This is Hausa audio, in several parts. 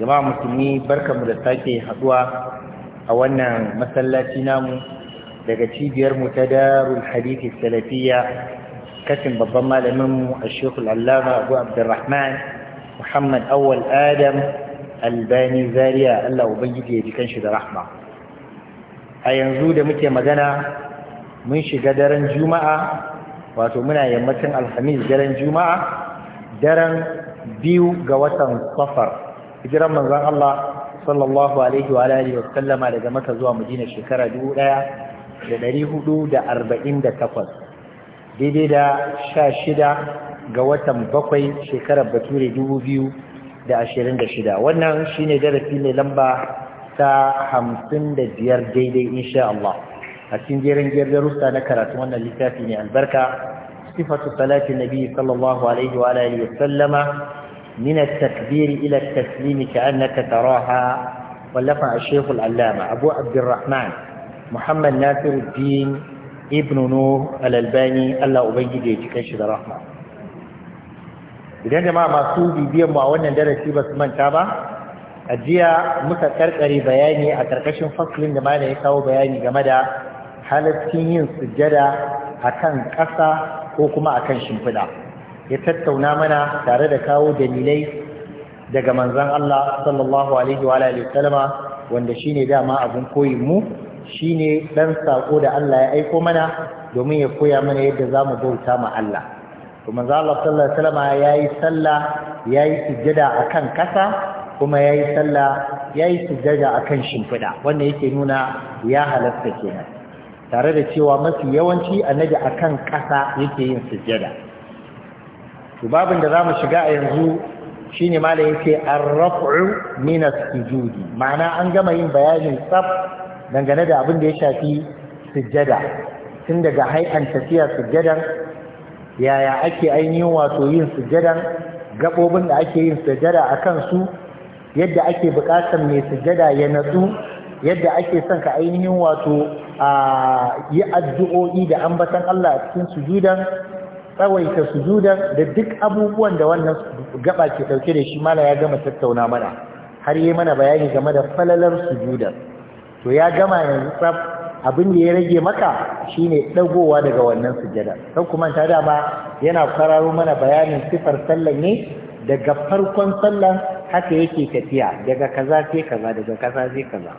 jama'a musulmi barkamu da sake haduwa a wannan masallaci namu daga cibiyar mu ta darul hadithi salafiyya kasin babban malamin mu shekul allama abu abdurrahman muhammad awwal adam albani zaria allah ubangiji ya ji kanshi da rahma a yanzu da muke magana mun shiga daren juma'a wato muna yammacin alhamis daren juma'a daren biyu ga watan safar hijiran manzon Allah sallallahu alaihi wa alihi wa sallama daga Makka zuwa Madina shekara 1448 daidai da 16 ga watan bakwai shekarar Bature 2026 wannan shine darasi ne lamba ta 55 daidai insha Allah a cikin jerin jerin rusa na karatu wannan littafi ne albarka sifatu salati nabi sallallahu alaihi wa alihi wa sallama من التكبير إلى التسليم كأنك تراها ولفع الشيخ العلامة أبو عبد الرحمن محمد ناصر الدين ابن نور الألباني الله أبيجي يجيكش رحمة idan jama'a masu bibiyan mu a wannan darasi ba su manta ba a jiya muka karkare bayani a ƙarƙashin faslin da malam ya kawo bayani game da halaccin yin sujada akan ƙasa ko kuma akan shimfida. ya tattauna mana tare da kawo dalilai daga manzan Allah sallallahu alaihi wa wa wasallama wanda shine dama abin koyin mu ne ɗan saƙo da Allah ya aiko mana domin ya koya mana yadda zamu bauta ma Allah to manzo Allah sallallahu alaihi wasallama yayi sallah yayi sujjada kan kasa kuma yi sallah yayi sujjada akan shimfida wanda yake nuna ya halatta kenan tare da cewa mafi yawanci annabi kan ƙasa yake yin sujjada to babin da zamu shiga a yanzu shine malam yake ar-raf'u min as sujudi ma'ana an gama yin bayanin tsaf dangane da abin da ya shafi sujada. tun daga haikan tafiya sujjadan yaya ake ainihin wato yin sujadan? gabobin da ake yin sujada akan su yadda ake buƙatar mai sujada ya natsu yadda ake son ka ainihin wato a yi addu'o'i da ambatan Allah a cikin sujudan tsawaita sujudan da duk abubuwan da wannan gaba ke dauke da shi mala ya gama tattauna mana har yi mana bayani game da falalar sujudan to ya gama yanzu tsaf abin da ya rage maka shine ɗagowa daga wannan sujada sai kuma ta dama yana fararo mana bayanin sifar sallan ne daga farkon sallan haka yake tafiya daga kaza sai kaza daga kaza sai kaza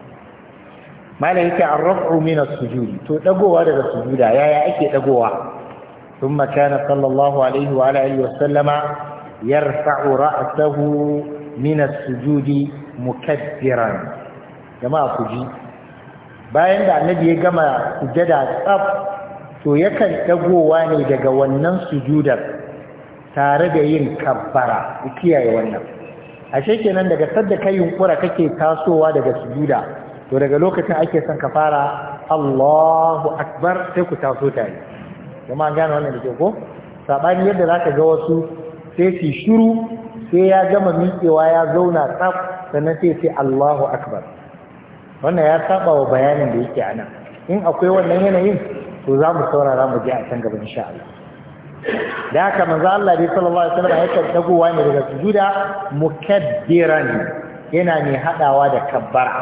malam yake an rafu mina sujudi to ɗagowa daga sujuda yaya ake ɗagowa ثم كان صلى الله عليه وعلى اله وسلم يرفع راسه من السجود مكبرا جماعه كجي bayan da annabi ya gama sujada tsaf to yakan dagowa ne daga wannan sujudar tare da yin kabbara ku kiyaye wannan ashe kenan daga sadda kai yunkura kake tasowa daga sujuda to daga lokacin ake son ka fara Allahu akbar sai ku taso tare kuma gane wannan da ke ko saɓani yadda za ka ga wasu sai su shiru sai ya gama miƙewa ya zauna tsaf sannan sai sai Allahu akbar wannan ya saba wa bayanin da yake a nan in akwai wannan yanayin to za mu saurara mu je a can gaba insha Allah da haka manzo Allah dai sallallahu alaihi wasallam yake dagowa ne daga sujuda mukaddiran yana ne hadawa da kabbara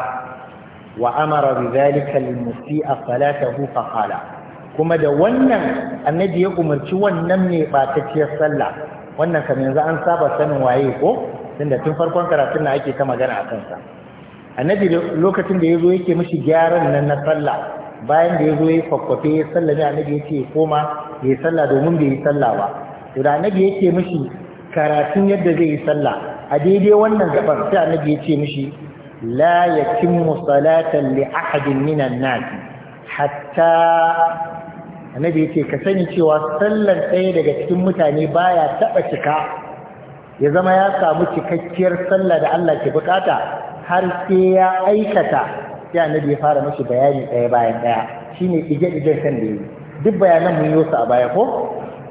wa amara bi dhalika lil musii'a salatahu fa qala kuma da wannan annabi ya umarci wannan ne batacciyar sallah wannan kamar yanzu an saba sanin waye ko tunda tun farkon karatun na ake ta magana a kansa annabi lokacin da ya zo yake mishi gyaran nan na sallah bayan da ya zo ya kwakwafe ya sallah ne annabi ya ce ya koma ya sallah domin bai yi sallah ba to da annabi yake mishi karatun yadda zai yi sallah a daidai wannan gaban sai annabi ya ce mishi la yakimmu salatan li ahadin minan nas hatta annabi yace ka sani cewa sallar ɗaya daga cikin mutane baya taba cika ya zama ya samu cikakkiyar sallah da Allah ke bukata har sai ya aikata sai annabi ya fara mashi bayani ɗaya bayan ɗaya shine ije-ijen kan da yi duk bayanan mun yi su a baya ko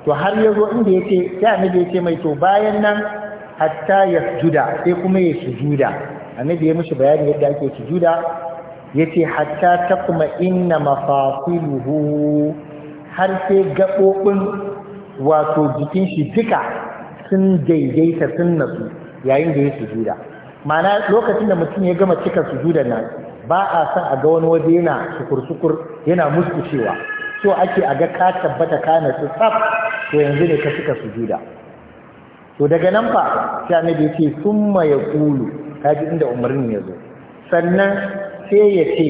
to har ya inda yake sai annabi ya ce mai to bayan nan hatta ya sujuda sai kuma ya sujuda annabi ya mishi bayani yadda ake sujuda yace hatta ta kuma inna mafasiluhu har sai gaɓoɓin wato jikin shi duka sun daidaita sun nasu yayin da ya sujuda ma'ana lokacin da mutum ya gama cika sujudan nan ba a san a ga wani waje yana sukur-sukur yana muskushewa so ake a ga ka tabbata ka nasu tsaf to yanzu ne ka cika sujuda to daga nan fa sai annabi ya ce summa kulu, kaji inda umarni ya zo sannan sai ya ce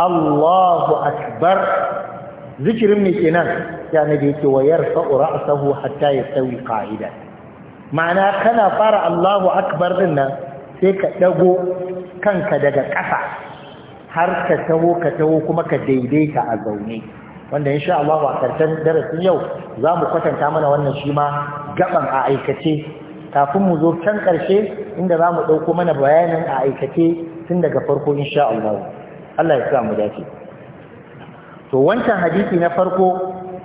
Allahu akbar zikirin ne kenan ya na da yake wayar sa'ura sahu hatta ya tsawi ƙa'ida ma'ana kana fara allahu akbar din nan sai ka ɗago kanka daga ƙasa har ka taho ka taho kuma ka daidaita a zaune wanda insha Allah a karshen darasin yau za mu kwatanta mana wannan shi ma gaban a aikace kafin mu zo can karshe inda za mu ɗauko mana bayanin a aikace tun daga farko insha Allah Allah ya sa mu dace to wancan hadisi na farko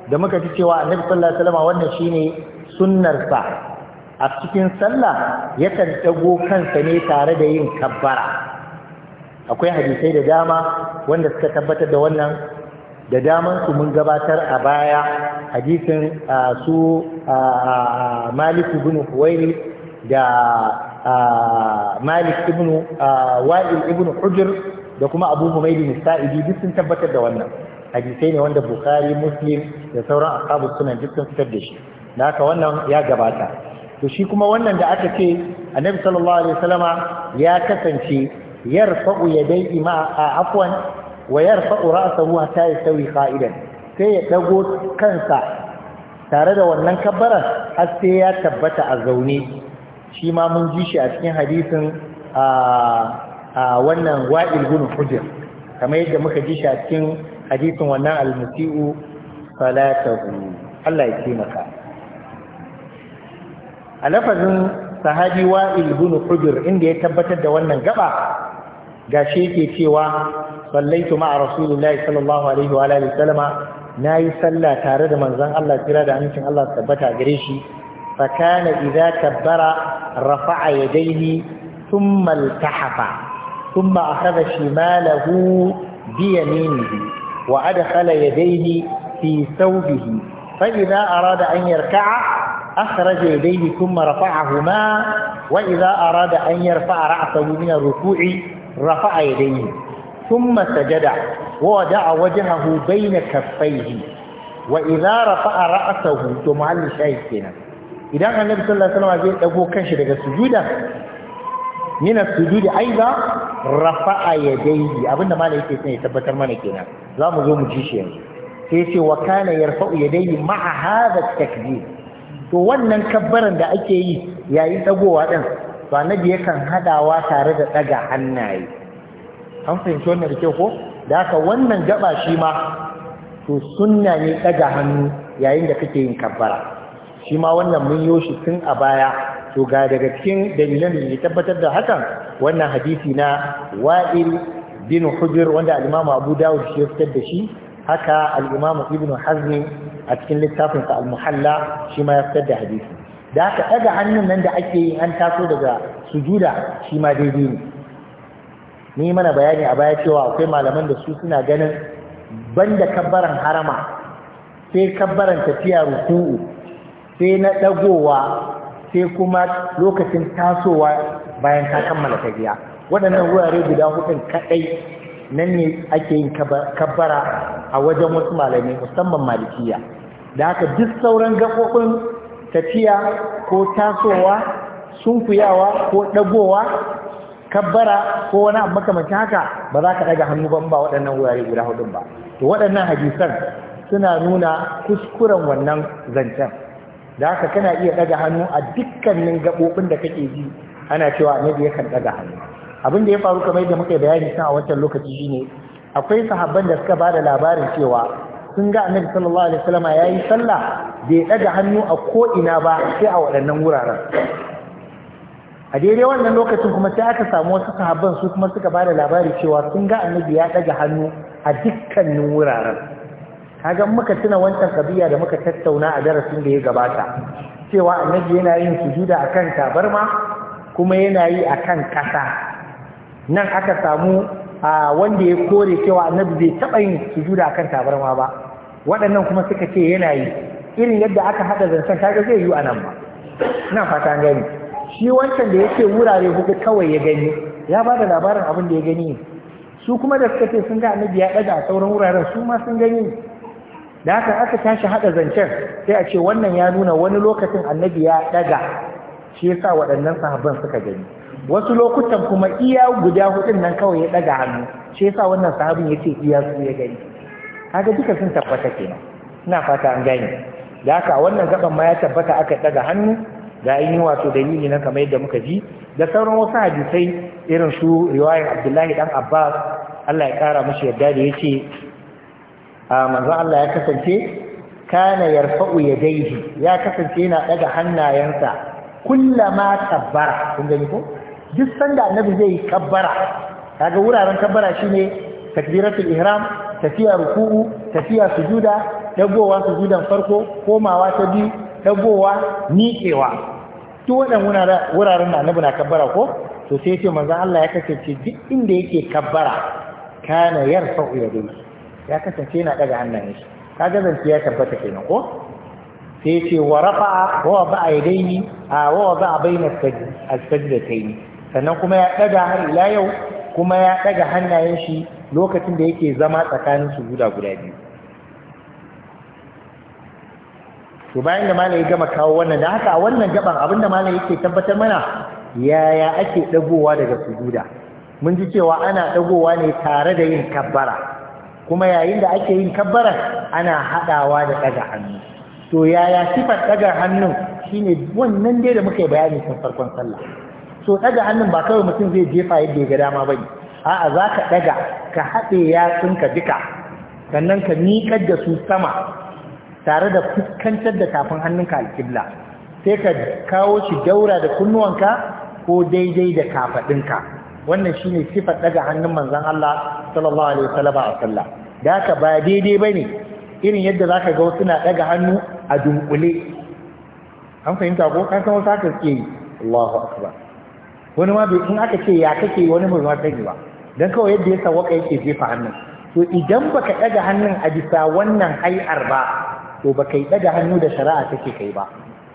da muka ji cewa annabi sallallahu alaihi wasallam wannan shine sunnar sa a cikin sallah ya dago kansa ne tare da yin kabbara akwai hadisai da dama wanda suka tabbatar da wannan da daman su mun gabatar a baya hadisin su Malik ibn Huwairi da Malik ibn Wa'il ibn Hujr da kuma Abu Humaydi Sa'idi duk sun tabbatar da wannan hadisai ne wanda bukari muslim da sauran akabu sunan duk sun fitar da shi da haka wannan ya gabata to shi kuma wannan da aka ce annabi sallallahu alaihi wasallama ya kasance yarfa'u yadayhi a afwan wa yarfa'u ra'sahu hatta yastawi qa'idan sai ya dago kansa tare da wannan kabbaran har sai ya tabbata a zaune shi ma mun ji shi a cikin hadisin a wannan wa'il gunu hujjar kamar yadda muka ji shi a cikin hadisin wannan almusi'u salatahu Allah ya taimaka a lafazin sahabi wa bin hujr inda ya tabbatar da wannan gaba gashi yake cewa sallaitu ma'a rasulillahi sallallahu alaihi wa alihi sallama nayi sallah tare da manzon Allah kira da amincin Allah tabbata gare shi fa kana idza kabbara rafa'a yadayhi thumma iltahafa thumma akhadha shimalahu bi yaminihi وأدخل يديه في ثوبه فإذا أراد أن يركع أخرج يديه ثم رفعهما وإذا أراد أن يرفع رأسه من الركوع رفع يديه ثم سجد ووضع وجهه بين كفيه وإذا رفع رأسه ثم على شيء إذا النبي صلى الله عليه وسلم zai dago kanshi daga sujuda min as-sujudi aiza rafa'a yadayhi abinda malai yake son ya tabbatar mana kenan zamu zo mu ji shi yanzu sai ce wa kana yarfa'u yadayhi ma'a hadha at-takbir to wannan kabbaran da ake yi yayin dagowa din to annabi yakan hadawa tare da daga hannaye an fahimci wannan kyau ko da haka wannan gaba shi ma to sunna ne daga hannu yayin da kake yin kabbara shi ma wannan mun yo shi tun a baya to ga daga cikin dalilan da ke tabbatar da hakan wannan hadisi na wa'il bin hujr wanda al-imamu abu dawud shi ya fitar da shi haka al-imamu ibnu hazm a cikin littafin sa al-muhalla shi ma ya fitar da hadisi da haka daga hannun nan da ake yi an taso daga sujuda shi ma daidai ne ni mana bayani a baya cewa akwai malaman da su suna ganin banda kabbaran harama sai kabbaran tafiya ruku'u sai na dagowa sai kuma lokacin tasowa bayan ta kammala tafiya waɗannan wurare guda hudun kaɗai nan ne ake yin kabbara a wajen wasu malami musamman malikiya da haka duk sauran gaɓoɓin tafiya ko tasowa sunkuyawa ko dagowa kabbara ko wani abu makamanci haka ba za ka ɗaga hannu ban ba waɗannan wurare guda hudun ba to waɗannan hadisan suna nuna kuskuren wannan zancen da haka kana iya ɗaga hannu a dukkanin gaɓoɓin da kake ji ana cewa annabi yakan ɗaga hannu abin da ya faru kamar yadda muka bayani kan a wancan lokaci shine akwai sahabban da suka bada labarin cewa sun ga annabi sallallahu alaihi wasallam yayi sallah bai ɗaga hannu a ko ina ba sai a waɗannan wuraren a daidai wannan lokacin kuma sai aka samu wasu sahabban su kuma suka bada labari cewa sun ga annabi ya ɗaga hannu a dukkanin wuraren Ka ga muka tuna wancan kabiya da muka tattauna a darasin da ya gabata cewa annabi yana yin sujuda akan tabarma kuma yana yi akan kasa nan aka samu a wanda ya kore cewa annabi bai taba yin sujuda akan tabarma ba waɗannan kuma suka ce yana yi irin yadda aka hada zancen kaga zai yi a nan ba Nan fata gani shi wancan da yake wurare huɗu kawai ya gani ya ba da labarin abin da ya gani su kuma da suka ce sun ga annabi ya ɗaga a sauran wuraren su ma sun gani da haka aka tashi hada zancen sai a ce wannan ya nuna wani lokacin annabi ya daga shi yasa waɗannan sahabban suka gani wasu lokutan kuma iya guda hudun nan kawai ya daga hannu shi yasa wannan sahabin ya ce iya su ya gani kaga duka sun tabbata kenan ina fata an gane da haka wannan gaban ma ya tabbata aka daga hannu ga yi wato dalili na kamar yadda muka ji da sauran wasu hadisai irin su riwayar abdullahi dan abbas allah ya kara mashi yadda da yace. manzo Allah ya kasance kana yarfa'u yadayhi ya kasance yana daga hannayensa kullama kabbara kun gani ko duk sanda annabi zai kabbara kaga wuraren kabbara shine takbiratul ihram tafiya ruku'u tafiya sujuda dagowa sujudan farko komawa ta biyu dagowa miƙewa duk waɗannan wuraren da annabi na kabbara ko to sai ce manzo Allah ya kasance duk inda yake kabbara kana yarfa'u yadayhi ya kasance yana daga hannayen shi kaga zance ya tabbata kenan ko sai ya ce wa rafa'a wa ba'a yadayni a wa ba'a baina as-sajdatayn sannan kuma ya daga har ila yau kuma ya daga hannayen shi lokacin da yake zama tsakanin sujuda guda biyu to bayan da malai ya gama kawo wannan da haka wannan gaban abin da malai yake tabbatar mana yaya ake dagowa daga sujuda mun ji cewa ana dagowa ne tare da yin kabbara kuma yayin da ake yin kabbara ana haɗawa da ɗaga hannu to yaya sifar daga hannun shine wannan dai da muka yi bayani tun farkon sallah so daga hannun ba kawai mutum zai jefa yadda ya ga dama ba bane a'a za ka daga ka haɗe yatsunka duka sannan ka miƙar da su sama tare da fuskantar da tafin hannunka alƙibla sai ka kawo shi daura da kunnuwanka ko daidai da kafaɗinka wannan shine sifar ɗaga hannun manzon Allah sallallahu alaihi wasallam a sallah da haka ba daidai bane irin yadda zaka ga suna daga hannu a dunkule an fahimta ko kan san wasa ka ce Allahu akbar wani ma bai in aka ce ya kake wani bai ma sani ba dan kawai yadda ya sawaka yake jefa hannun to idan baka daga hannun a bisa wannan hay'ar ba to baka yi daga hannu da shari'a take kai ba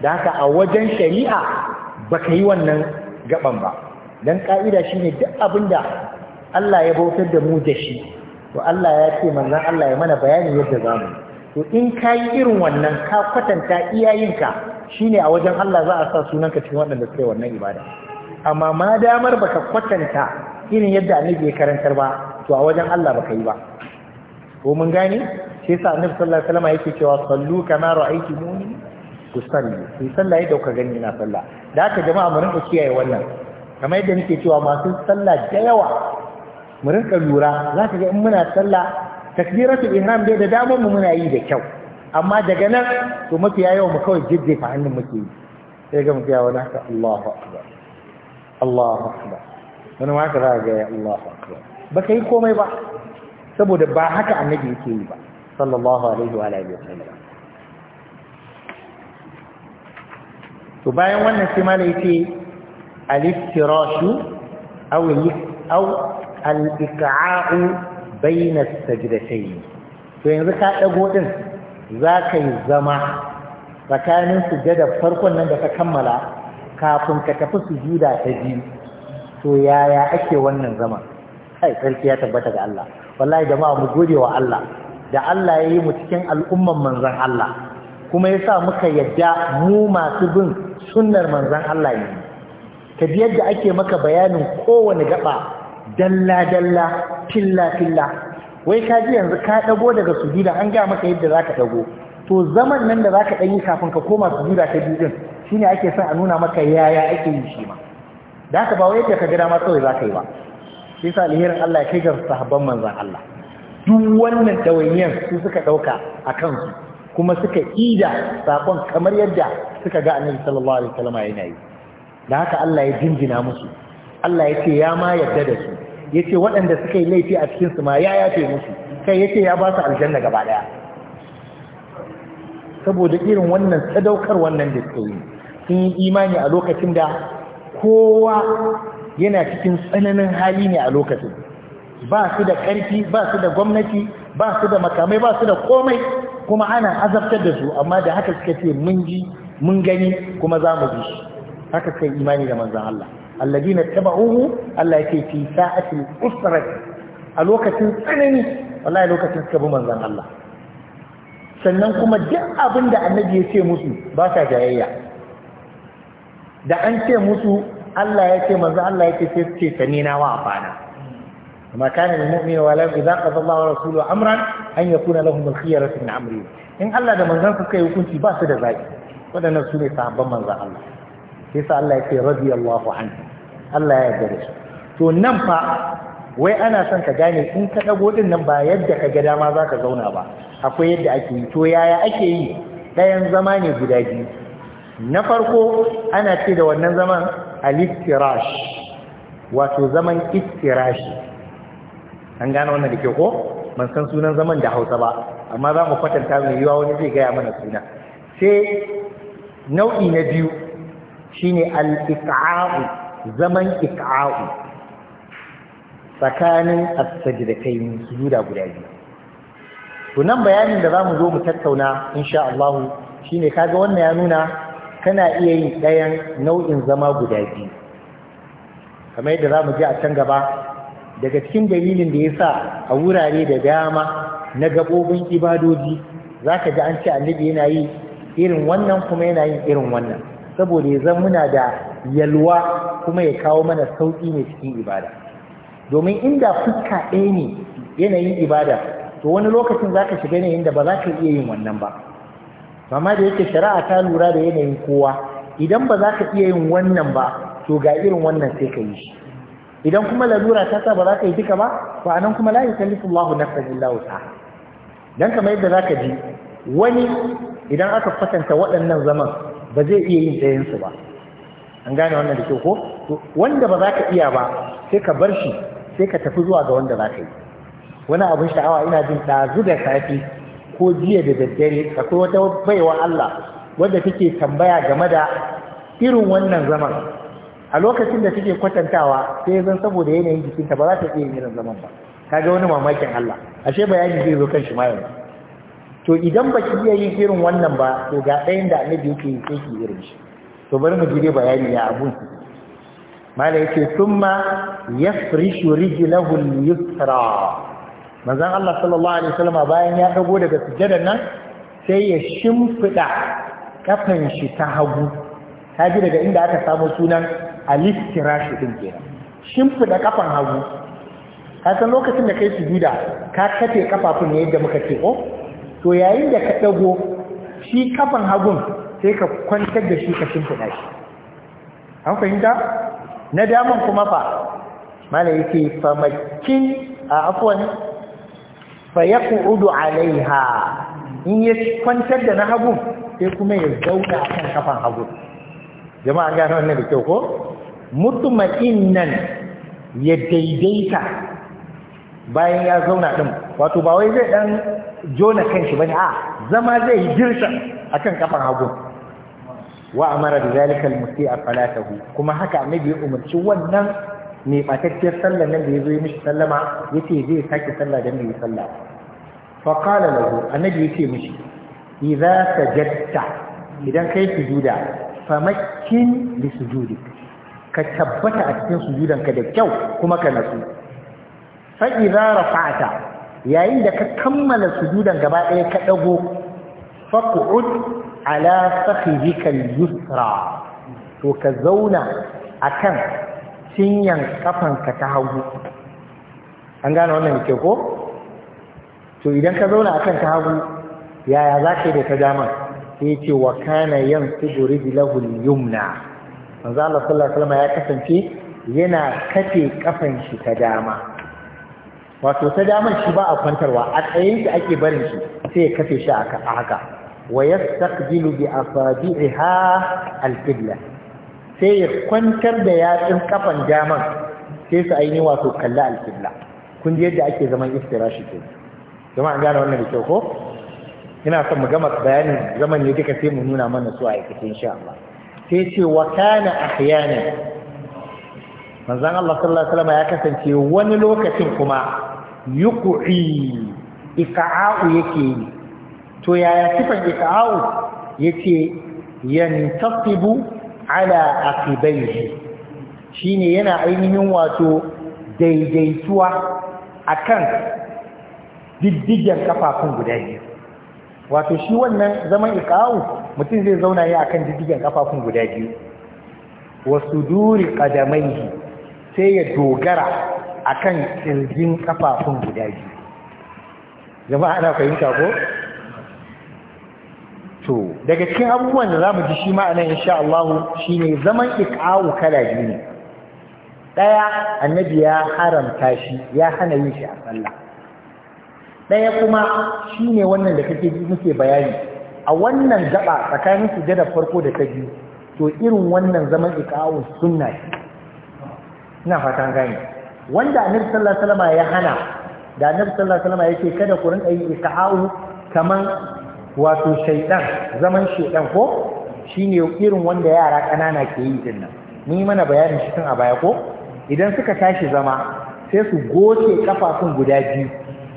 da haka a wajen shari'a baka yi wannan gaban ba dan ka'ida shine duk abinda Allah ya bautar da mu da shi to Allah ya ce manzon Allah ya mana bayani yadda za mu to in ka irin wannan ka kwatanta iyayenka shine a wajen Allah za a sa sunanka cikin waɗanda suke wannan ibada amma ma damar baka kwatanta irin yadda annabi ya karantar ba to a wajen Allah baka yi ba ko mun gane shi yasa annabi sallallahu alaihi wasallam yake cewa sallu kama muni? ku salli ku sallah yadda kuka gani na sallah da haka jama'a mu rinka kiyaye wannan kamar yadda nake cewa masu sallah da yawa mu rinka lura za ka ga in muna sallah takbiratul ihram dai da damar mu muna yi da kyau amma daga nan to mafiya yawa mu kawai jejjefa hannun muke yi sai ga mafiya wani haka Allahu akbar Allahu akbar wani ma ka za ga ya Allahu akbar ba ka yi komai ba saboda ba haka annabi yake yi ba sallallahu alaihi wa alihi wasallam to bayan wannan sai malai ce al-iftirashu aw al-iqa'u bayna sajdatayn to yanzu ka dago din zaka yi zama tsakanin sujada farkon nan da ka kammala kafin ka tafi sujuda ta biyu to yaya ake wannan zama kai sarki ya tabbata ga Allah wallahi jama'a mu gode wa Allah da Allah ya yi mu cikin al'umman manzon Allah kuma ya sa muka yadda mu masu bin sunnar manzan Allah ne ka ji yadda ake maka bayanin kowane gaba dalla-dalla filla-filla wai ka ji yanzu ka ɗago daga sujuda an gaya maka yadda za ka ɗago to zaman nan da za ka ɗanyi kafin ka koma sujuda ta biyu ɗin shi ne ake son a nuna maka yaya ake yi shi ma da haka ba wai yadda ka gada ma kawai za ka yi ba shi yasa alherin Allah ya kai ga sahabban manzan Allah duk wannan ɗawainiyar su suka ɗauka a kansu kuma suka ida saƙon kamar yadda suka ga annabi sallallahu alaihi wasallam yana yi da haka Allah ya jinjina musu Allah ya ce ya ma yarda da su ya ce waɗanda suka yi laifi a cikinsu ma ya yafe musu kai ya ce ya ba su aljanna gaba ɗaya saboda irin wannan sadaukar wannan da suka yi sun yi imani a lokacin da kowa yana cikin tsananin hali ne a lokacin ba su da ƙarfi ba su da gwamnati ba su da makamai ba su da komai kuma ana azabtar da su amma da haka suka ce mun ji mun gani kuma za mu ji. haka suka yi imani da manzan Allah alladina taba'uhu Allah yake fi sa'atil usrati a lokacin tsanani wallahi lokacin suka bi Allah sannan kuma duk abin da annabi ya ce musu ba sa jayayya da an ce musu Allah ya ce manzo Allah ya ce sai su ce samina wa afana amma kana lil mu'mini wa la idza qada Allah wa rasuluhu amran an yakuna lahum al khiyaratu min amri in Allah da manzan su kai hukunci ba su da zaki wadannan su ne sahabban manzan Allah sai sa Allah ya ce radiyallahu anhu Allah ya yarda shi to nan fa wai ana son ka gane in ka dago din nan ba yadda ka ga dama za ka zauna ba akwai yadda ake yi to yaya ake yi ɗayan zama ne guda biyu na farko ana ce da wannan zaman al-istirash wato zaman istirashi an gane wannan da ke ko ban san sunan zaman da Hausa ba amma za mu kwatanta mai yiwa wani zai gaya mana suna sai nau'i na biyu shine al ik'a'u zaman iqa'u tsakanin as-sajdatain sujuda guda biyu to nan bayanin da zamu zo mu tattauna insha Allah shine kaga wannan ya nuna kana iya yin ɗayan nau'in zama guda biyu kamar yadda zamu ji a can gaba daga cikin dalilin da yasa a wurare da dama na gabobin ibadoji zaka ji an ce annabi yana yi irin wannan kuma yana yin irin wannan saboda ya zan muna da yalwa kuma ya kawo mana sauƙi ne cikin ibada domin inda fuska ɗaya ne yanayin ibada to wani lokacin za ka shiga yanayin da ba za ka iya yin wannan ba amma da yake shari'a ta lura da yanayin kowa idan ba za ka iya yin wannan ba to ga irin wannan sai ka yi shi idan kuma lalura ta sa ba za ka yi duka ba to nan kuma la yukallifu Allahu kan illa ta. dan kamar yadda za ka ji wani idan aka kwatanta waɗannan zaman ba zai iya yin ɗayansu ba an gane wannan da ke ko wanda ba za ka iya ba sai ka bar shi sai ka tafi zuwa ga wanda za ka yi wani abin sha'awa ina jin ɗazu da safe ko jiya da daddare akwai wata baiwa Allah wanda take tambaya game da irin wannan zaman a lokacin da take kwatantawa sai zan saboda yanayin jikinta ba za ta iya yin irin zaman ba ga wani mamakin Allah ashe bayani zai zo kan shi ma yanzu to idan ba ki iya yin irin wannan ba to ga ɗayan da annabi yake yi sai ki irin shi to bari mu jire bayani ya abun mala yace thumma yafrishu rijlahu al-yusra manzon Allah sallallahu alaihi wasallam bayan ya dago daga sujjadar nan sai ya shimfida kafan shi ta hagu ji daga inda aka samu sunan al-istirashi din kenan shimfida kafan hagu ka san lokacin da kai sujuda ka kafe kafafun ne yadda muka ce oh to yayin da ka ɗago shi kafan hagun sai ka kwantar da shi ka shimfiɗa shi an fahimta na daman kuma fa mana yake famakin a afuwan fa yaqudu alaiha in ya kwantar da na hagun sai kuma ya zauna kan kafan hagun jama'a gano wannan da kyau ko nan ya daidaita bayan ya zauna ɗin wato ba wai zai dan jona kanshi bane a zama zai yi dirsa akan kafar hagu wa amara bi zalika al-musi'a salatahu kuma haka annabi ya umarci wannan ne batacciyar sallar nan da yazo ya mishi sallama yace zai sake sallah dan bai sallah fa qala lahu annabi yace mishi idza sajadta idan kai sujuda famakkin li sujudi ka tabbata a cikin sujudanka da kyau kuma ka nasu fa idza rafa'ta yayin da ka kammala sujudan gaba ɗaya ka ɗago faƙu'ud ala fakhidika al-yusra to ka zauna akan cinyan kafanka ta hagu an gane wannan ke ko to idan ka zauna akan ta hagu yaya za ka yi da ta dama sai ya ce wa kana yan tsiguri bilahul yumna manzo Allah sallallahu alaihi ya kasance yana kafe kafan shi ta dama wato ta damar shi ba a kwantarwa a tsayen shi ake barin shi sai ya kafe shi a haka wa yastaqbilu bi asabi'iha al-qibla sai ya kwantar da yatsun kafan daman sai su aini wato kalla al-qibla kun ji yadda ake zaman istirashi ke Zama an gane wannan da kyau ko ina son mu gama bayanin zaman ne duka sai mu nuna mana su a aikace insha Allah sai ce wa kana ahyana manzon Allah sallallahu alaihi wasallam ya kasance wani lokacin kuma yuku'i ika'a'u yake yi to yaya sifan ikaau yace yantasibu ala aqibaihi shine yana ainihin wato daidaituwa akan diddigen kafafun guda biyu wato shi wannan zaman ikawu? mutum zai zauna ya akan diddigen kafafun guda biyu wasu duri kadamaihi sai ya dogara akan ƙirgin kafafun guda biyu jama'a ana fahimta ko to daga cikin abubuwan da zamu ji shi ma'ana in insha Allah shine zaman iqa'u kala biyu ne daya annabi ya haramta shi ya hana yin shi a sallah Ɗaya kuma shine wannan da kake ji muke bayani a wannan gaba tsakanin sujada farko da ta biyu to irin wannan zaman iqa'u sunna ina fatan gane wanda annabi sallallahu alaihi wasallam ya hana da annabi sallallahu alaihi wasallam yake kada ku rinka yin ika'u kaman wato shaydan zaman shaydan ko shine irin wanda yara kanana ke yi din nan ni mana bayanin shi tun a baya ko idan suka tashi zama sai su goce kafafun guda biyu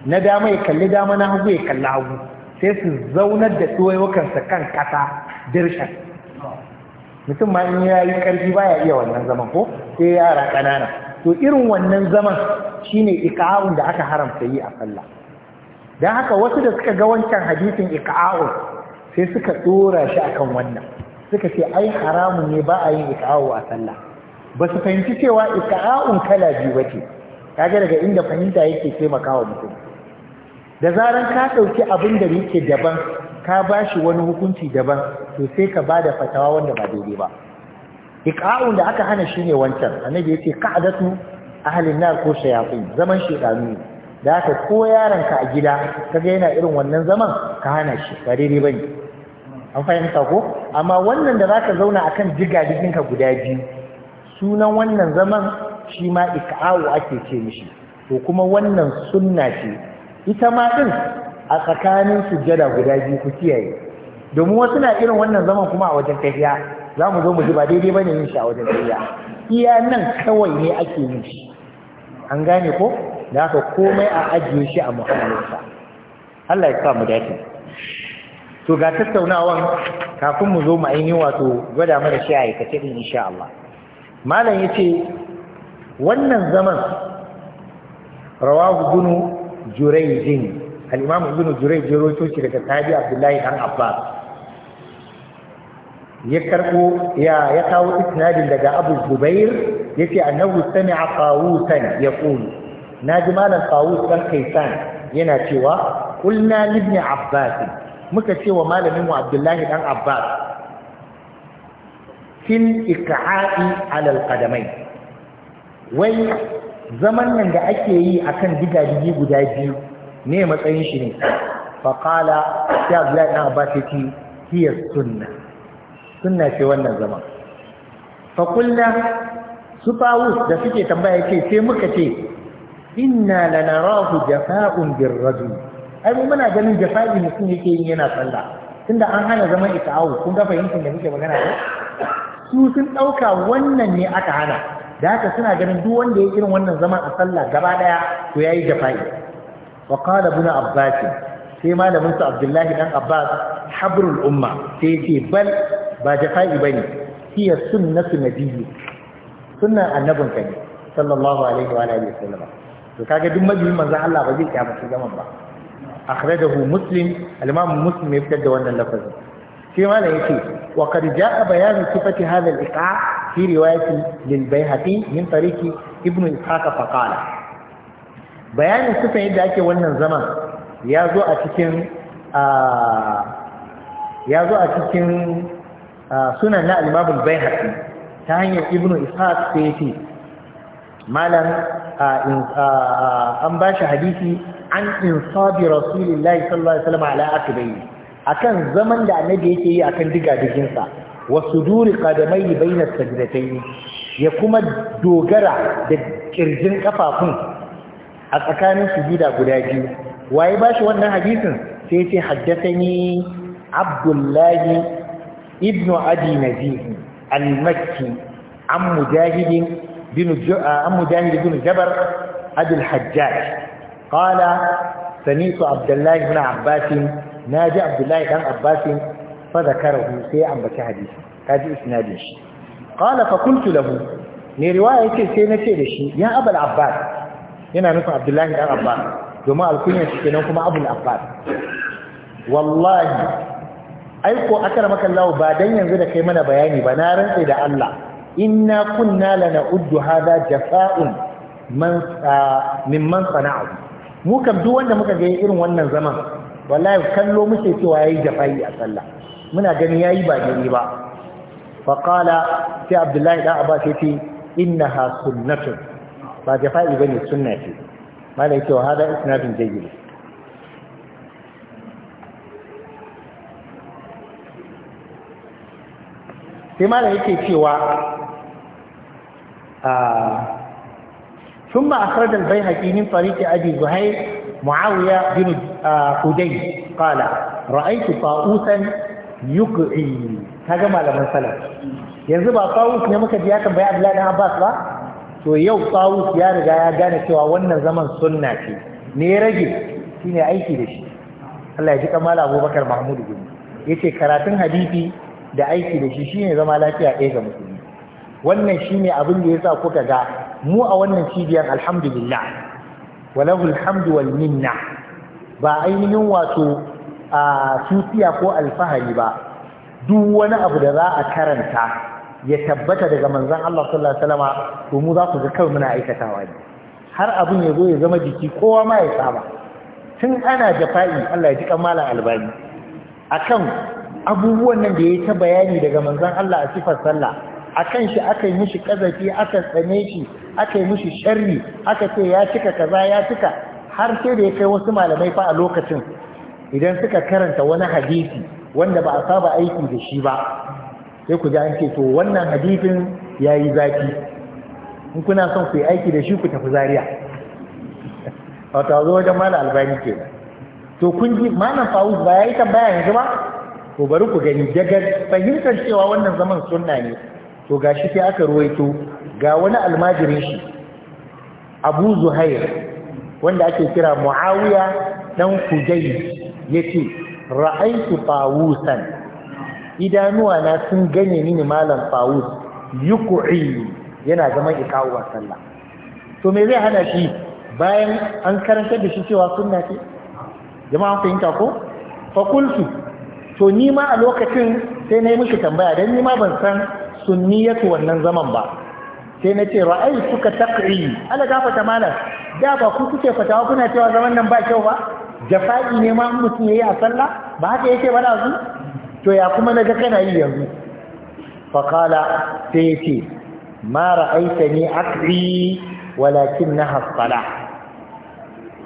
na dama ya kalli dama na hagu ya kalli hagu sai su zaunar da tsoyokansa kan kasa dirshan mutum ma in ya yi karfi baya iya wannan zaman ko sai yara kanana to irin wannan zaman shine ik'a'un da aka haramta yi a sallah dan haka wasu da suka ga wancan hadisin ik'a'u sai suka dora shi akan wannan suka ce ai haramu ne ba a yi ik'a'u a sallah ba su fahimci cewa ik'a'un kala biyu bace kaga daga inda fahimta yake taimakawa mutum da zaran ka dauki abin da yake daban ka bashi wani hukunci daban to sai ka bada fatawa wanda ba daidai ba iqa'un da aka hana shine wancan annabi yace qa'datu ahlin nar ko shayatin zaman shedanu da aka ko yaron ka a gida kaga yana irin wannan zaman ka hana shi ba daidai bane an fahimta ko amma wannan da zaka zauna akan jigadigin ka guda biyu sunan wannan zaman shi ma iqa'u ake ce mishi to kuma wannan sunna ce ita ma din a tsakanin sujjada guda biyu ku kiyaye domin wasu na irin wannan zaman kuma a wajen tafiya za mu zo mu ji ba daidai bane yin shi a wajen iya nan kawai ne ake yin shi an gane ko da haka komai a ajiye shi a muhallinsa Allah ya sa mu dace to ga tattaunawan kafin mu zo mu aini wato gwada mana shi a aikace din insha Allah malam yace wannan zaman rawahu ibn jurayj al-imam ibn jurayj to shi daga tabi Abdullahi dan Abbas ya karɓo ya ya kawo isnadin daga Abu Zubair yace annahu ya qawusan Na ji malam qawus ɗan kaisan yana cewa qulna li Abbas muka ce wa malamin mu Abdullahi dan Abbas fil iqa'i ala alqadamai wai zaman nan da ake yi akan digadiyi guda biyu ne matsayin shi ne faqala ya Abdullahi dan Abbas yace hiya sunnah sunna ce wannan zaman Fakulla su tawus da suke tambaya ce sai muka ce inna lanarahu jafa'un birrajul ai mu muna ganin jafa'i mutum yake yin yana Tun da an hana zaman ita'awu kun ga fahimtar da muke magana ne su sun ɗauka wannan ne aka hana da haka suna ganin duk wanda ya irin wannan zaman a sallah gaba daya to yayi jafa'i wa qala ibn abbas sai malamin su abdullahi dan abbas habrul umma sai ce bal ba jafa'i bane hiya sunnatu nabiyyi sunnan annabin ka ne sallallahu alaihi wa alihi wasallam to kaga duk mabiyin manzon Allah ba zai kiyamace zaman ba A kare al-imam muslim ya fitar da wannan lafazin sai malam yace wa qad a bayanu sifati hadha al-iqa' fi riwayati lil-bayhaqi min tariqi ibn ishaq fa qala bayanin sifan yadda ake wannan zaman ya zo a cikin ya zo a cikin sunan na al-imam al ta hanyar ibnu ishaq sai malam an bashi hadisi an insabi rasulillahi sallallahu alaihi wasallam ala akbayhi akan zaman da annabi yake yi akan digadikin sa wa suduri qadamai baina sajdatayn ya kuma dogara da kirjin kafafun a tsakanin sujuda guda biyu waye bashi wannan hadisin sai ce haddathani abdullahi Ibnu adi nazih al-makki an mujahid bin ah, an mujahid bin jabar abul hajjaj qala sami'tu abdullah ibn abbas naji abdullah dan abbas fa zakarahu sai ambaci hadisi kaji isnadin shi qala fa qultu lahu ne riwaya yake sai nace da shi ya abul abbas yana nufin abdullahi dan abbas domin alkunyar shi kenan kuma abul abbas wallahi aiko akar makallahu ba dan yanzu da kai mana bayani ba na rantse da Allah inna kunna lana'uddu hadha jafa'un man mimman mu kam duk wanda muka ga irin wannan zaman wallahi kallo muke cewa yayi jafa'i a sallah muna gani yayi ba gani ba fa qala sai abdullahi da abba sai ce innaha sunnatun ba jafa'i bane sunna ce malai cewa hada isnadun jayyid sai malam yake cewa a ثم أخرج البيهقي من طريق أبي زهير معاوية بن hudai قال رأيت طاووسا يقعي ta ga malaman salaf yanzu ba tsawus ne muka ji ya tambaya Abdullahi dan Abbas ba to yau tsawus ya riga ya gane cewa wannan zaman sunna ce ne ya rage shine aiki da shi Allah ya ji kamala Abubakar Mahmud Gumi yace karatun hadisi da aiki da shi shine zama lafiya ɗaya ga musulmi wannan shine abin da sa kuka ga mu a wannan cibiyar alhamdulillah walahul wal minna ba ainihin wato a sufiya ko alfahari ba duk wani abu da za a karanta ya tabbata daga manzon Allah sallallahu alaihi wasallama to mu za ku ga kawai muna aikatawa ne har abin ya zo ya zama jiki kowa ma ya saba tun ana jafa'i Allah ya ji kamala albani akan abubuwan nan da ya ta bayani daga manzon Allah a sifar sallah akan shi aka yi mishi kazafi aka tsane shi aka yi mishi sharri aka ce ya cika kaza ya cika har sai da ya kai wasu malamai fa a lokacin idan suka karanta wani hadisi wanda ba a saba aiki da shi ba sai ku ji an ce to wannan hadisin yayi zafi in kuna son ku yi aiki da shi ku tafi Zariya. wato zo wajen malam albani kenan to kun ji malam fawuz ba yayi tambaya yanzu ba to bari ku gani daga fahimtar cewa wannan zaman sunna ne to gashi sai aka ruwaito ga wani almajirin shi Abu Zuhair wanda ake kira Muawiya dan Kujayi yace ra'aitu tawusan idanuwa na sun gane ni malam tawus yuku'i yana zaman ikawa sallah to me zai hana shi bayan an karanta da shi cewa sunna ce jama'a fahimta ko fa kultu. to ni ma a lokacin sai na yi mishi tambaya don ni ma ban san sunniyatu wannan zaman ba sai na ce ra'ayi suka taqi ala gafata malam da ba ku kuke fatawa kuna cewa zaman nan ba kyau ba jafa'i ne ma mutum ya yi a sallah ba haka yake ba dazu to ya kuma ga kana yi yanzu fakala ta yi ce, ma ne ra'aitani walakin na haskala.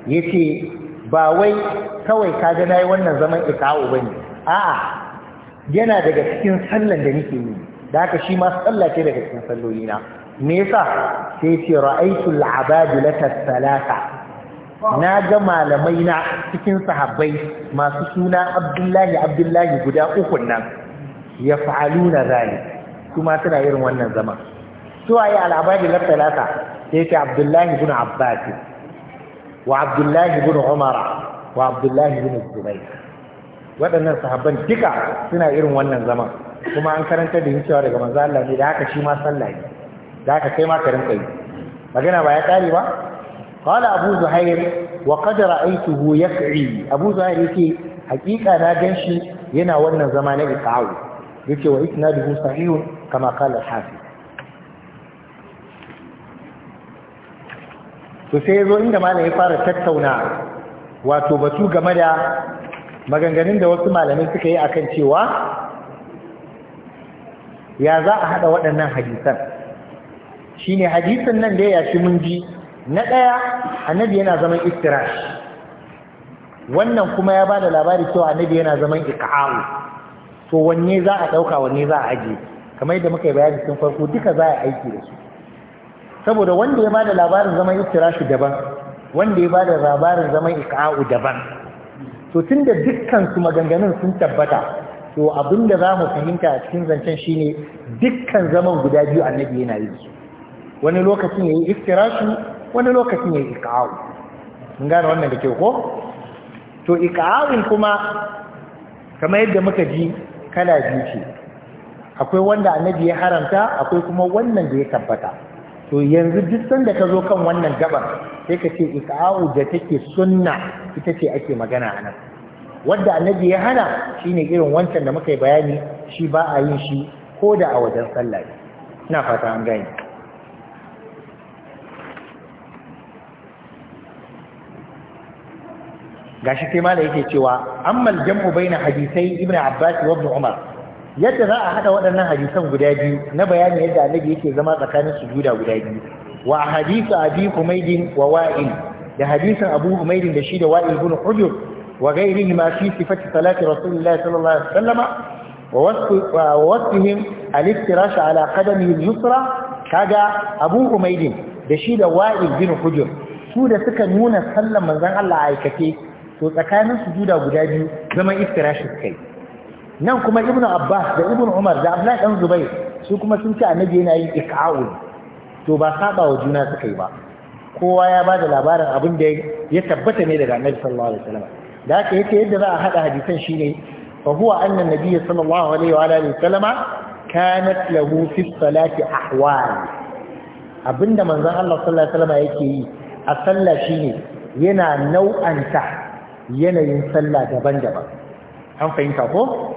Ya ce ba wai kawai kaga yi wannan zaman ika'u bane a'a yana daga cikin sallan da nake yi da haka shi ma sallah ce daga cikin salloli na me yasa sai ce ra'aytu al-abad salasa na ga malamai na cikin sahabbai masu suna Abdullahi Abdullahi guda uku nan yaf'aluna zalik kuma tana irin wannan zama. su ayi al-abad salasa sai ce Abdullahi ibn Abbas wa Abdullahi ibn Umar wa Abdullahi ibn Zubair waɗannan sahabban duka suna irin wannan zama, kuma an karanta da cewa daga manzo Allah ne da haka shi ma sallah ne da haka kai ma ka rinka yi magana ba ya kare ba qala abu zuhair wa qad ra'aytuhu yaq'i abu zuhair yake hakika na ganshi yana wannan zama na iqa'u yake wa isnaduhu sahihun kama qala al-hafiz to sai zo inda malam ya fara tattauna wato batu game da maganganun da wasu malamai suka yi akan cewa ya za a haɗa waɗannan hadisan shi ne hadisan nan da ya shi mun ji na ɗaya annabi yana zaman istirash wannan kuma ya bada da labari cewa annabi yana zaman iqa'u to wanne za a ɗauka wanne za a ajiye kamar yadda muka yi bayani cikin farko duka za a aiki da su saboda wanda ya bada labarin zaman shi daban wanda ya bada da labarin zaman ika'u daban to tun da dukkan su maganganun sun tabbata to abin da za mu fahimta a cikin zancen shine dukkan zaman guda biyu annabi yana yi su wani lokacin ya iftirashu wani lokacin ya iqa'u mun gane wannan da ke ko to iqa'u kuma kamar yadda muka ji kala biyu ce akwai wanda annabi ya haramta akwai kuma wannan da ya tabbata to yanzu duk sanda ka zo kan wannan gabar sai ka ce ika'u da take sunna ita ce ake magana a nan wadda annabi ya hana shine irin wancan da muka yi bayani shi ba a yin shi ko da a wajen sallah ina fata an gane gashi sai mala yake cewa ammal jam'u baina hadisai ibnu abbas wa ibnu umar yadda za a haɗa waɗannan hadisan guda biyu na bayanin yadda annabi yake zama tsakanin sujuda guda biyu wa hadisu abi humaydin wa wa'il da hadisin abu humaydin da shi da wa'il ibn hujur wa ghairihi ma fi sifati salati rasulillahi sallallahu alaihi wasallama wa wasfihim al-iftirash ala qadamihi al-yusra kaga abu humaydin da shi da wa'il bin hujur su da suka nuna sallan manzon Allah aikace to tsakanin sujuda guda biyu zaman iftirashi kai nan kuma ibnu abbas da ibnu umar da abdullahi dan zubair su kuma sun ce annabi yana yin ika'u to ba saba wa juna suka yi ba kowa ya ba da labarin abin da ya tabbata ne daga annabi sallallahu alaihi wasallam da haka yake yadda za a hada hadisan shine fa huwa anna nabiyyi sallallahu alaihi wa alihi wasallama kanat lahu fi salati ahwal abinda manzon Allah sallallahu alaihi wasallama yake yi a sallah shine yana nau'anta yanayin sallah daban-daban an fahimta ko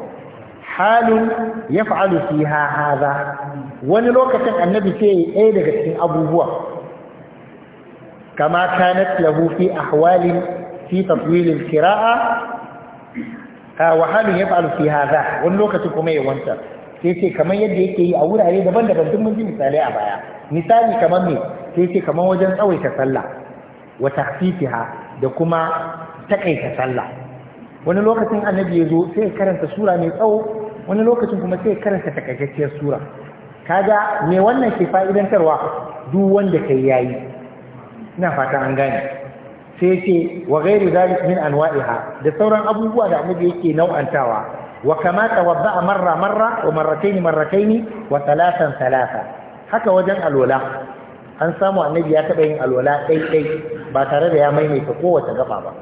halin ya fa'alu fi ha haza wani lokacin annabi ce ɗaya daga cikin abubuwa kama kanat lahu fi ahwalin fi tatwilil kira'a. wa halin ya fa'alu fi haza wani lokacin kuma ya wanta sai ce kamar yadda yake yi a wurare daban-daban duk mun ji misali a baya misali kamar me sai ce kamar wajen tsawaita sallah wa tahfifiha da kuma takaita sallah wani lokacin annabi ya zo sai karanta sura mai tsawo wani lokacin kuma sai karanta takaitacciyar sura kaga me wannan ke fa'idantarwa duk wanda kai yayi ina fata an gane sai ce wa ghairu zalik min anwa'iha da sauran abubuwa da annabi yake nau'antawa wa kama tawadda'a marra marra wa marrataini marrataini wa thalathan thalatha haka wajen alwala an samu annabi ya taɓa yin alwala ɗaiɗai ba tare da ya maimaita kowace gaba ba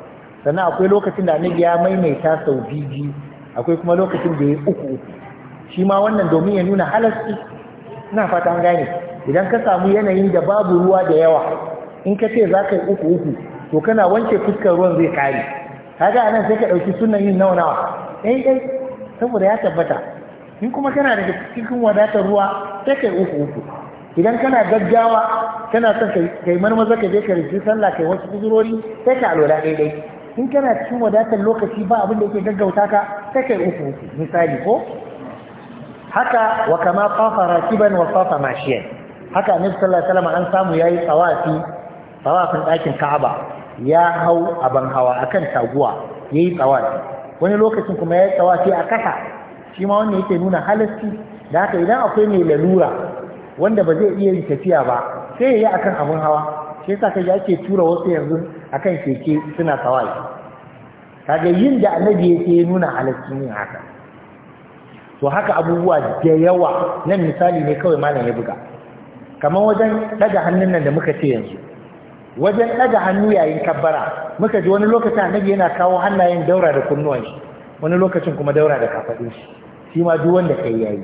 sannan akwai lokacin da annabi ya maimaita sau biyu akwai kuma lokacin da ya uku uku shi ma wannan domin ya nuna halarci na fata an gane idan ka samu yanayin da babu ruwa da yawa in ka ce za ka yi uku uku to kana wanke fuskar ruwan zai kare kaga anan sai ka ɗauki sunan yin nawa nawa ɗai eh, ɗai eh, saboda ya tabbata in kuma kana da cikin wadatar ruwa sai ka yi uku uku idan kana gaggawa kana son kai marmaza ka je ka rufe sallah kai wasu kuzurori sai ka alola ɗai ɗai in kana cikin wadatar lokaci ba abin da yake gaggauta ka sai kai uku misali ko haka wa kama safa rakiban wa fafa mashiyan haka annabi sallallahu alaihi wasallam an samu yayi tsawafi tsawafin ɗakin Ka'aba ya hau aban hawa akan taguwa yayi tsawafi wani lokacin kuma yayi tsawafi a kasa shi ma wannan yake nuna halasti da haka idan akwai mai lalura wanda ba zai iya yin tafiya ba sai yayi akan abun hawa shi yasa kaji ake tura wasu yanzu akan keke suna kawai kaga yin da annabi ya nuna halaccin yin haka to haka abubuwa da yawa nan misali ne kawai malam ya buga kamar wajen daga hannun nan da muka ce yanzu wajen daga hannu yayin kabbara muka ji wani lokacin annabi yana kawo hannayen daura da kunnuwan shi wani lokacin kuma daura da kafadun shi shi ma duk wanda kai yayi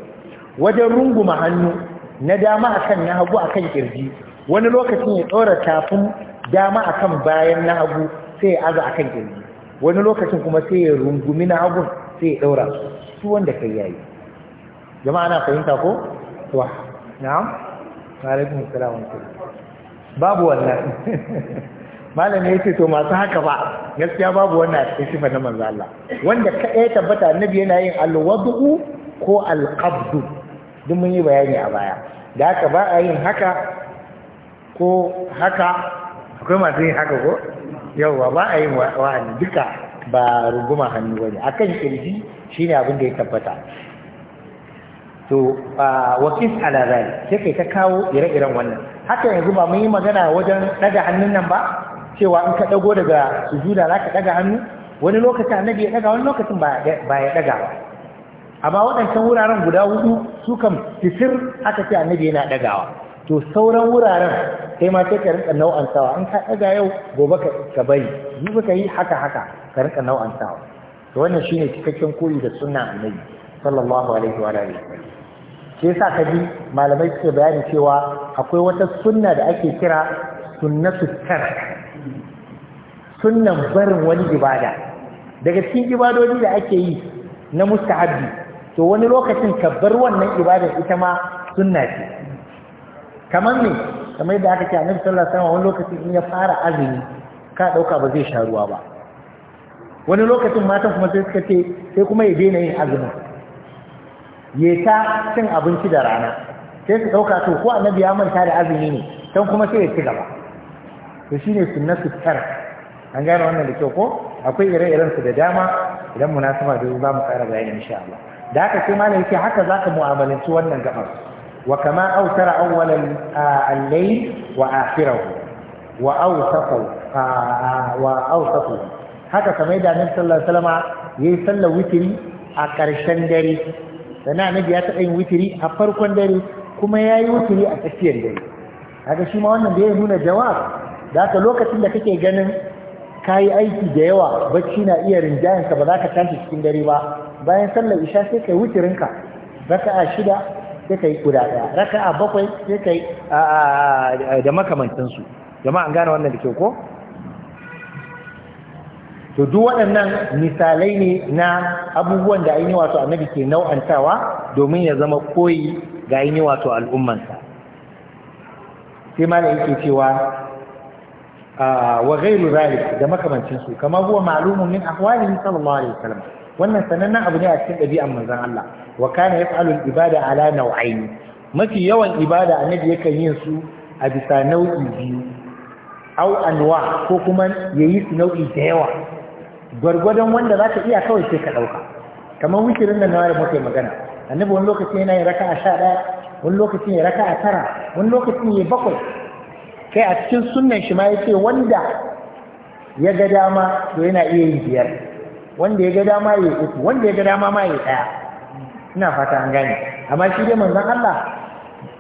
wajen runguma hannu na dama akan na hagu akan kirji wani lokacin ya tsora tafin dama akan bayan na hagu sai ya aza akan kirji wani lokacin kuma sai ya rungumi na hagu sai ya daura su wanda kai yayi jama'a na fahimta ko to na'am wa alaikum assalam wa babu wannan malami yace to masu haka ba gaskiya babu wannan a cikin sifar na manzo Allah wanda ka ya tabbata annabi yana yin alwadu ko alqabd duk mun yi bayani a baya da haka ba a yin haka ko haka akwai masu yin haka ko yauwa ba a yin wa'ani duka ba runguma hannu wani a kan kirji shi ne abin da ya tabbata to wakil alazari sai kai ta kawo ire-iren wannan haka yanzu ba mun yi magana wajen ɗaga hannun nan ba cewa in ka ɗago daga sujuda za ka ɗaga hannu wani lokacin annabi ya ɗaga wani lokacin ba ya ɗaga ba amma waɗancan wuraren guda hudu su kam fisir haka ce annabi yana ɗagawa to sauran wuraren sai ma sai ka rinka nau'antawa an ka ɗaga yau gobe ka bari yi ba ka yi haka haka ka rinka nau'antawa to wannan shine cikakken koyi da sunna annabi sallallahu alaihi wa alihi shi yasa ka ji malamai suke bayani cewa akwai wata sunna da ake kira sunnatu tar sunnan barin wani ibada daga cikin ibadodi da ake yi na mustahabbi to wani lokacin ka wannan ibadar ita ma sunna ce kamar me kamar yadda aka ce annabi sallallahu alaihi wasallam wani lokaci in ya fara azumi ka dauka ba zai sha ruwa ba wani lokacin matan kuma sai suka ce sai kuma ya daina yin azumi ya ta cin abinci da rana sai su dauka to ko annabi ya manta da azumi ne dan kuma sai ya ci gaba to shine sunnatu tar an gane wannan da kyau ko akwai ire-iren su da dama idan munasaba da zamu mu fara bayani insha Allah da haka sai malam yake haka zaka mu'amalanci wannan gabar وكما أوتر أول الليل وآخره وأوسطه وأوسطه haka kamar da annabi sallallahu alaihi wasallama yayi sallar witiri a ƙarshen dare sana'a na ya taɓa yin witiri a farkon dare kuma ya yi witiri a tsakiyar dare haka shi ma wannan da ya nuna jawab da haka lokacin da kake ganin ka yi aiki da yawa bacci na iya rinjayen ka ba za ka tashi cikin dare ba bayan sallar isha sai ka kai witirinka raka'a shida sai ka yi guda ɗaya raka a bakwai sai ka yi da makamantansu jama'a gane wannan da ke ko to duk waɗannan misalai ne na abubuwan da ainihin wato annabi ke nau'antawa domin ya zama koyi ga ainihin wato al'ummansa sai ma da yake cewa wa ghairu zalik da makamancin su kamar huwa ma'lumun min ahwalihi sallallahu alaihi wasallam wannan sanannen abu ne a cikin ɗabi'an manzon Allah wa kana yaf'alu ibada ala nau'aini mafi yawan ibada annabi yakan yin su a bisa nau'i biyu au anwa ko kuma yayi su nau'i da yawa Gargwadon wanda zaka iya kawai sai ka dauka kamar wikirin nan na da muke magana annabi wani lokaci yana yin raka'a 11 wani lokaci ya raka'a tara wani lokaci ya bakwai kai a cikin sunnan shi ma yace wanda ya ga dama to yana iya yin biyar wanda ya ga dama ya uku wanda ya ga dama ma ya daya ina fata an gane amma shi dai manzon Allah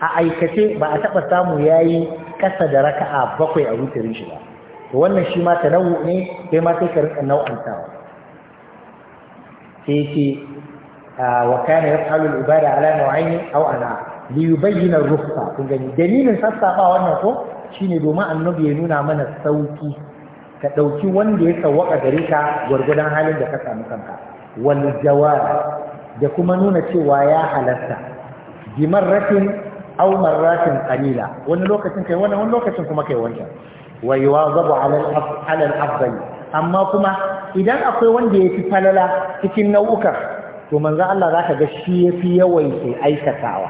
a aikace ba a taɓa samu yayi kasa da raka'a bakwai a wutarin shi ba to wannan shi ma tanawu ne sai ma sai ka rika nau'antawa sai ce wa kana yaf'alu al-ibada ala nau'aini aw ana li yubayyana rukhsa kun gani dalilin sassafa wannan ko shine domin annabi ya nuna mana sauki ka dauki wanda ya sawaka gare ka gwargwadon halin da ka samu kanka wal jawab da kuma nuna cewa ya halarta bi marratin aw marratin qalila wani lokacin kai wannan wani lokacin kuma kai wancan wa yuwazabu ala al-ala al amma kuma idan akwai wanda yafi falala cikin nau'ukan to manzo Allah zaka ga shi yafi yawaita aikatawa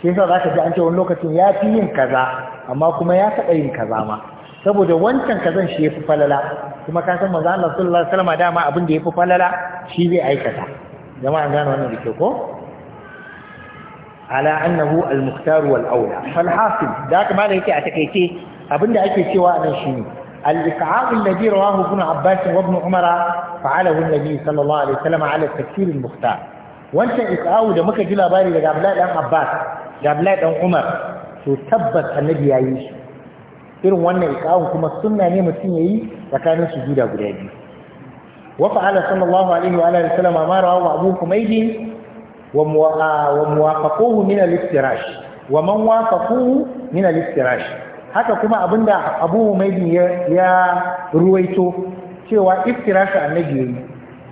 shi yasa zaka ji an ce wani lokacin yafi yin kaza amma kuma ya taɓa yin kaza ma saboda wancan kazan shi yafi falala kuma ka san manzo Allah sallallahu alaihi wasallam dama abin da yafi falala shi zai aikata jama'a gane wannan da ke ko ala annahu al-mukhtar wal aula fal hasil da haka malai yake a takeice abinda ake cewa anan shine al-iqa'u alladhi rawahu ibn abbas wa ibn umara fa'alahu an-nabi sallallahu alaihi wasallam ala tafsir al-mukhtar wancan iqa'u da muka ji labari daga abdullahi dan abbas da abdullahi dan umar to tabbas annabi yayi shi irin wannan iqa'u kuma sunna ne mutum yayi tsakanin guda guda biyu وفعل صلى الله عليه وآله وسلم ما رواه أبو حميد وموافقوه من الافتراش ومن وافقوه من الافتراش haka kuma abinda abu mai ya ruwaito cewa iftirashi annabi yayi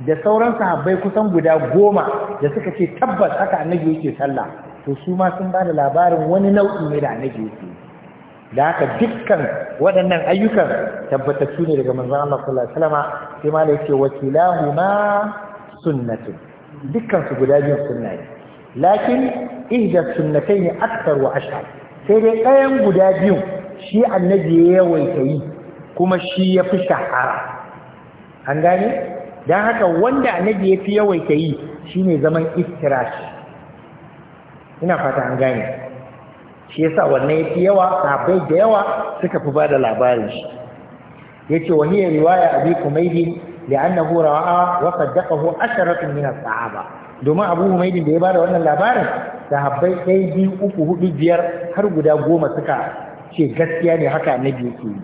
da sauran sahabbai kusan guda goma da suka ce tabbas haka annabi yake sallah to su ma sun ba da labarin wani nau'i ne da annabi yake da haka dukkan waɗannan ayyukan tabbatattu ne daga manzon Allah sallallahu alaihi wasallam sai ma da yake wakilahu ma sunnatu Dukkansu su guda biyu sunna ne lakin ihda ne akthar wa ashhar sai dai ɗayan guda biyun, shi annabi ya yawaita yi kuma shi ya fi shahara an gane don haka wanda annabi ya fi yawaita yi shine zaman iftirashi ina fata an gane shi yasa wannan yafi yawa sahabbai da yawa suka fi ba da labarin shi yace wa hiya riwaya abi kumaidi li'annahu ra'a wa saddaqahu asharatun min as-sahaba domin abu humaidi da ya bada wannan labarin sahabbai ɗaya biyu uku hudu biyar har guda goma suka ce gaskiya ne haka annabi yake yi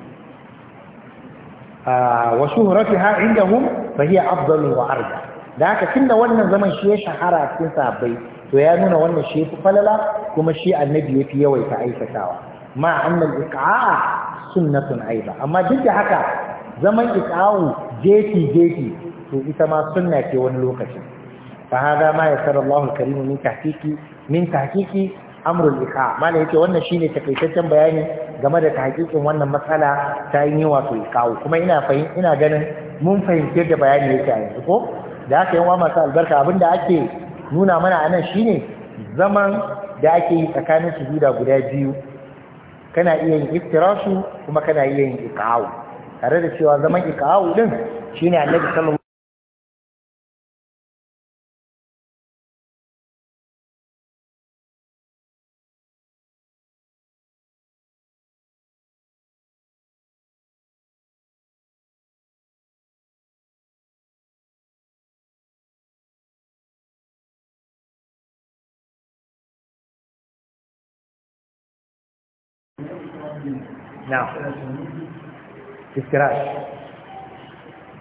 wa shuhratiha indahum fa hiya afdalu wa arda da haka tunda wannan zaman shi ya shahara cikin sahabbai to ya nuna wannan shi fi falala kuma shi annabi fi yawaita aikatawa ma annal iqa'a sunnatun aiba amma duk da haka zaman iqa'u jeki jeki to ita ma sunna ce wani lokaci. fa hada ma yasara Allahu al-karim min tahqiqi min tahqiqi amrul iqa'a malai yake wannan shine takaitaccen bayani game da hakikin wannan matsala ta yi wato iqa'u kuma ina fahim ina ganin mun fahimci da bayani yake a yanzu ko da haka wa masu albarka abinda ake nuna mana anan ne zaman da ake yi tsakanin sujuda guda biyu kana iya yin iftirashu kuma kana iya yin iqa'u tare da cewa zaman iqa'u din shine annabi sallallahu na iftirash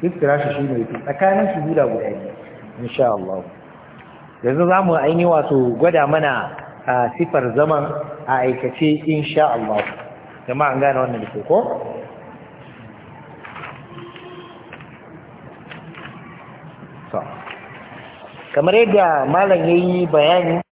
iftirash shi ne tsakanin su guda guda ne insha Allah yanzu za mu aini wato gwada mana a sifar zaman a aikace insha Allah jama'a an gane wannan da ko kamar yadda malam ya yi bayani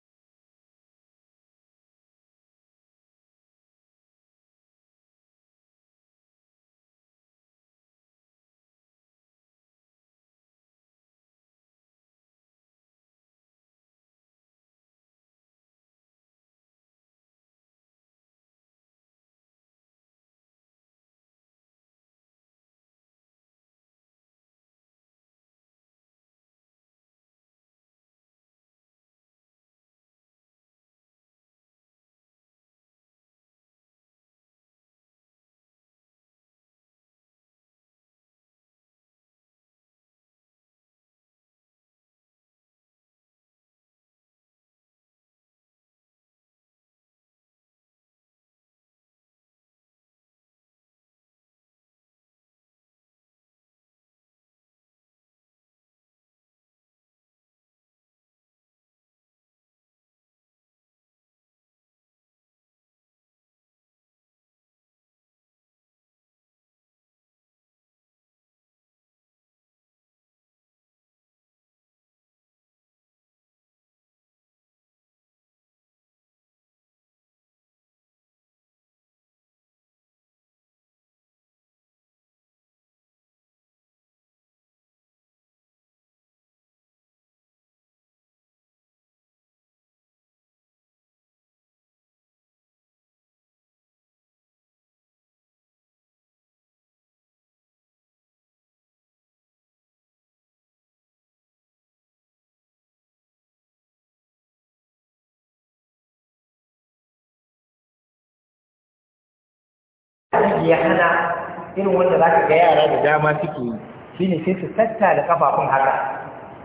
addini ya hana irin wanda za ka ga yara da dama suke yi shine sai su tatta da kafafun haka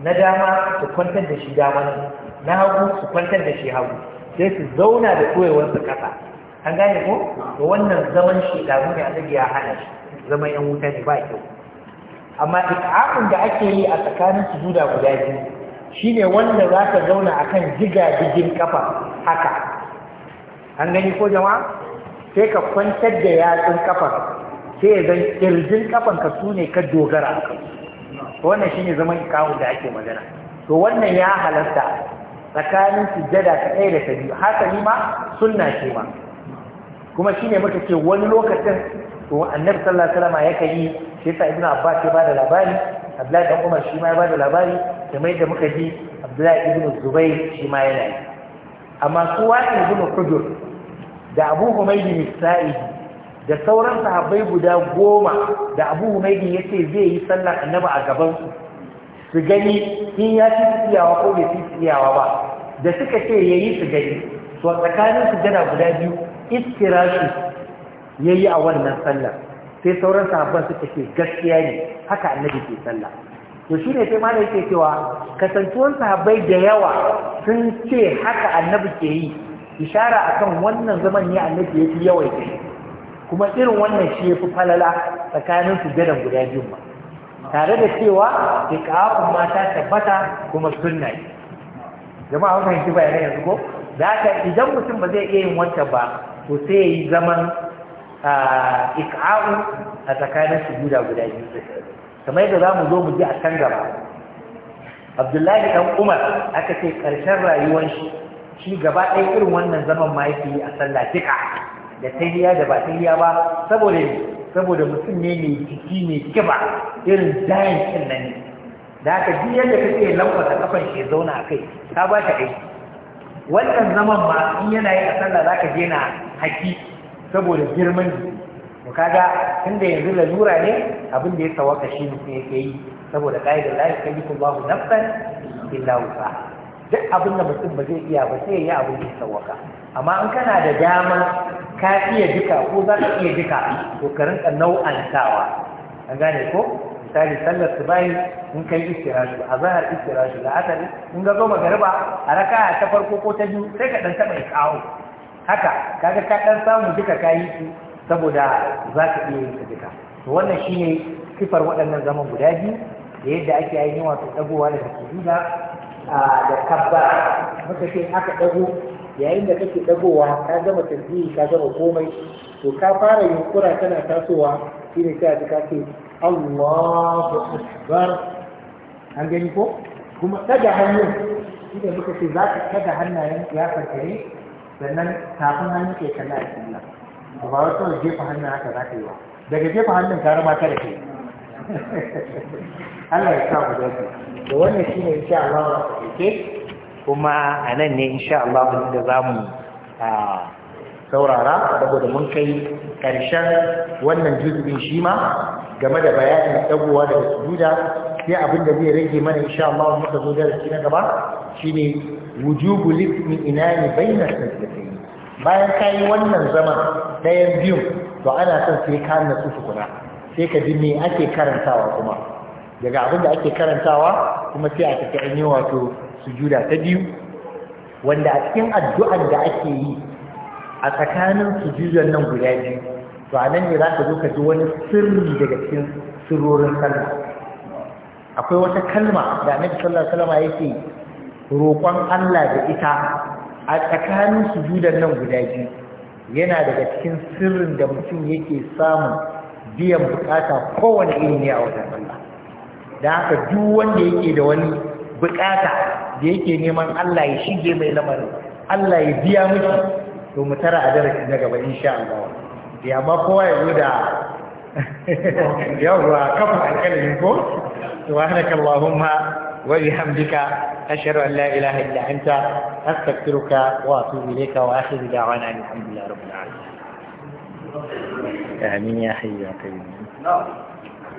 na dama su kwantar da shi dama na hagu su kwantar da shi hagu sai su zauna da koyewar su kasa an gane ko to wannan zaman shi da ne a ya hana shi zaman yan wuta ne ba kyau amma ikafin da ake yi a tsakanin su sujuda guda biyu shine wanda za ka zauna akan jiga jigin kafa haka an gani ko jama'a sai ka kwantar da yatsun kafar sai zan kirjin kafan ka su ne ka dogara To wannan shine zaman kawo da ake magana to wannan ya halarta tsakanin sujjada ta ɗaya da ta biyu hasali ma sunna ce ma kuma shine muka ce wani lokacin to annabi sallallahu alaihi wasallam yakan yi shi yasa ibnu abbas ya bada labari abdullahi dan umar shi ma ya bada labari mai da muka ji abdullahi ibnu zubair shi ma yana yi amma su wa'in ibnu hudur da abu humaydi misali da sauran sahabbai guda goma da abu humaydi ya ce zai yi sallar annaba a gabansu su gani in ya ci tsiyawa ko bai ci tsiyawa ba da suka ce ya yi su gani to a tsakanin guda biyu istirashi ya yi a wannan sallar sai sauran sahabban suka ce gaskiya ne haka annabi ke sallah to shi ne sai ma yake cewa kasantuwan sahabbai da yawa sun ce haka annabi ke yi ishara akan wannan zaman ne annabi yake yawaita kuma irin wannan shi yafi falala tsakanin sujjadan guda biyun ma tare da cewa iqafun mata tabbata kuma sunna ne jama'a an fahimci bayanai yanzu ko zaka idan mutum ba zai iya yin wanta ba to sai yayi zaman iqa'u a tsakanin sujuda guda biyu kamar yadda zamu zo mu ji a can gaba Abdullahi dan Umar aka ce karshen rayuwar shi shi gaba ɗaya irin wannan zaman ma yake yi a sallah jika da tahiya da ba tahiya ba saboda saboda mutum ne mai jiki mai kiba irin dayan kin nan da haka duk yadda kake ta kafan shi zauna a kai ka ba ta aiki wannan zaman ma in yana yi a sallah zaka je na haki saboda girman jiki to kaga tunda yanzu lalura ne abin da ya sawaka shi mutum yake yi saboda ƙa'idar la yukallifu babu nafsan illa duk abin da mutum ba zai iya ba sai ya yi abin da sauwaka amma in kana da dama ka iya duka ko za ka iya duka to ka rinka nau'antawa an gane ko misali sallar subai in kai istirashu azhar da asali in ga zo Garba, a raka ta farko ko ta biyu sai ka dan taba kawo haka kaga ka dan samu duka kayi su saboda za ka iya yin duka to wannan shine sifar waɗannan zaman guda biyu da yadda ake ainihin wato dagowa daga sujuda da kabba muka ce aka dago yayin da kake dagowa ka gama tasbihi ka gama komai to ka fara yunkura kana tasowa shine sai ka ce Allahu akbar an gani ko kuma daga hannun shine muka ce za ka daga hannayen ya farkare sannan tafin hannun ke kalla a cikin ba wata jefa hannun haka za ka yi ba daga jefa hannun ka rama ka da kai Allah ya sa mu dace to wannan ne insha Allah wa take kuma a nan ne insha Allah da zamu saurara saboda mun kai ƙarshen wannan juzubin shi ma game da bayanin ɗagowa daga sujuda sai abin da zai rage mana insha Allah muka zo darasi na gaba shine wujubu lismi inani baina sajdatayni bayan kai wannan zaman ɗayan biyu to ana son sai ka nasu tukuna sai ka ji me ake karantawa kuma daga abinda ake karantawa kuma sai a tafi an wato sujuda ta biyu wanda a cikin addu'an da ake yi a tsakanin sujudan nan guda biyu to a nan ne za ka zo ka ji wani sirri daga cikin sirrorin sallah akwai wata kalma da annabi sallallahu alaihi wasallam yake roƙon Allah da ita a tsakanin sujudan nan guda biyu yana daga cikin sirrin da mutum yake samun biyan bukata kowane iri ne a wajen Allah da haka duk wanda yake da wani bukata da yake neman Allah ya shige mai lamarin Allah ya biya miki to mu tara a darasi na gaba insha Allah ya amma kowa ya zo da yawwa kafa alƙalami ko to subhanaka allahumma wa bihamdika ashhadu an la ilaha illa anta astaghfiruka wa atubu ilayka wa akhiru da'wana alhamdulillahi rabbil alamin amin ya hayya kai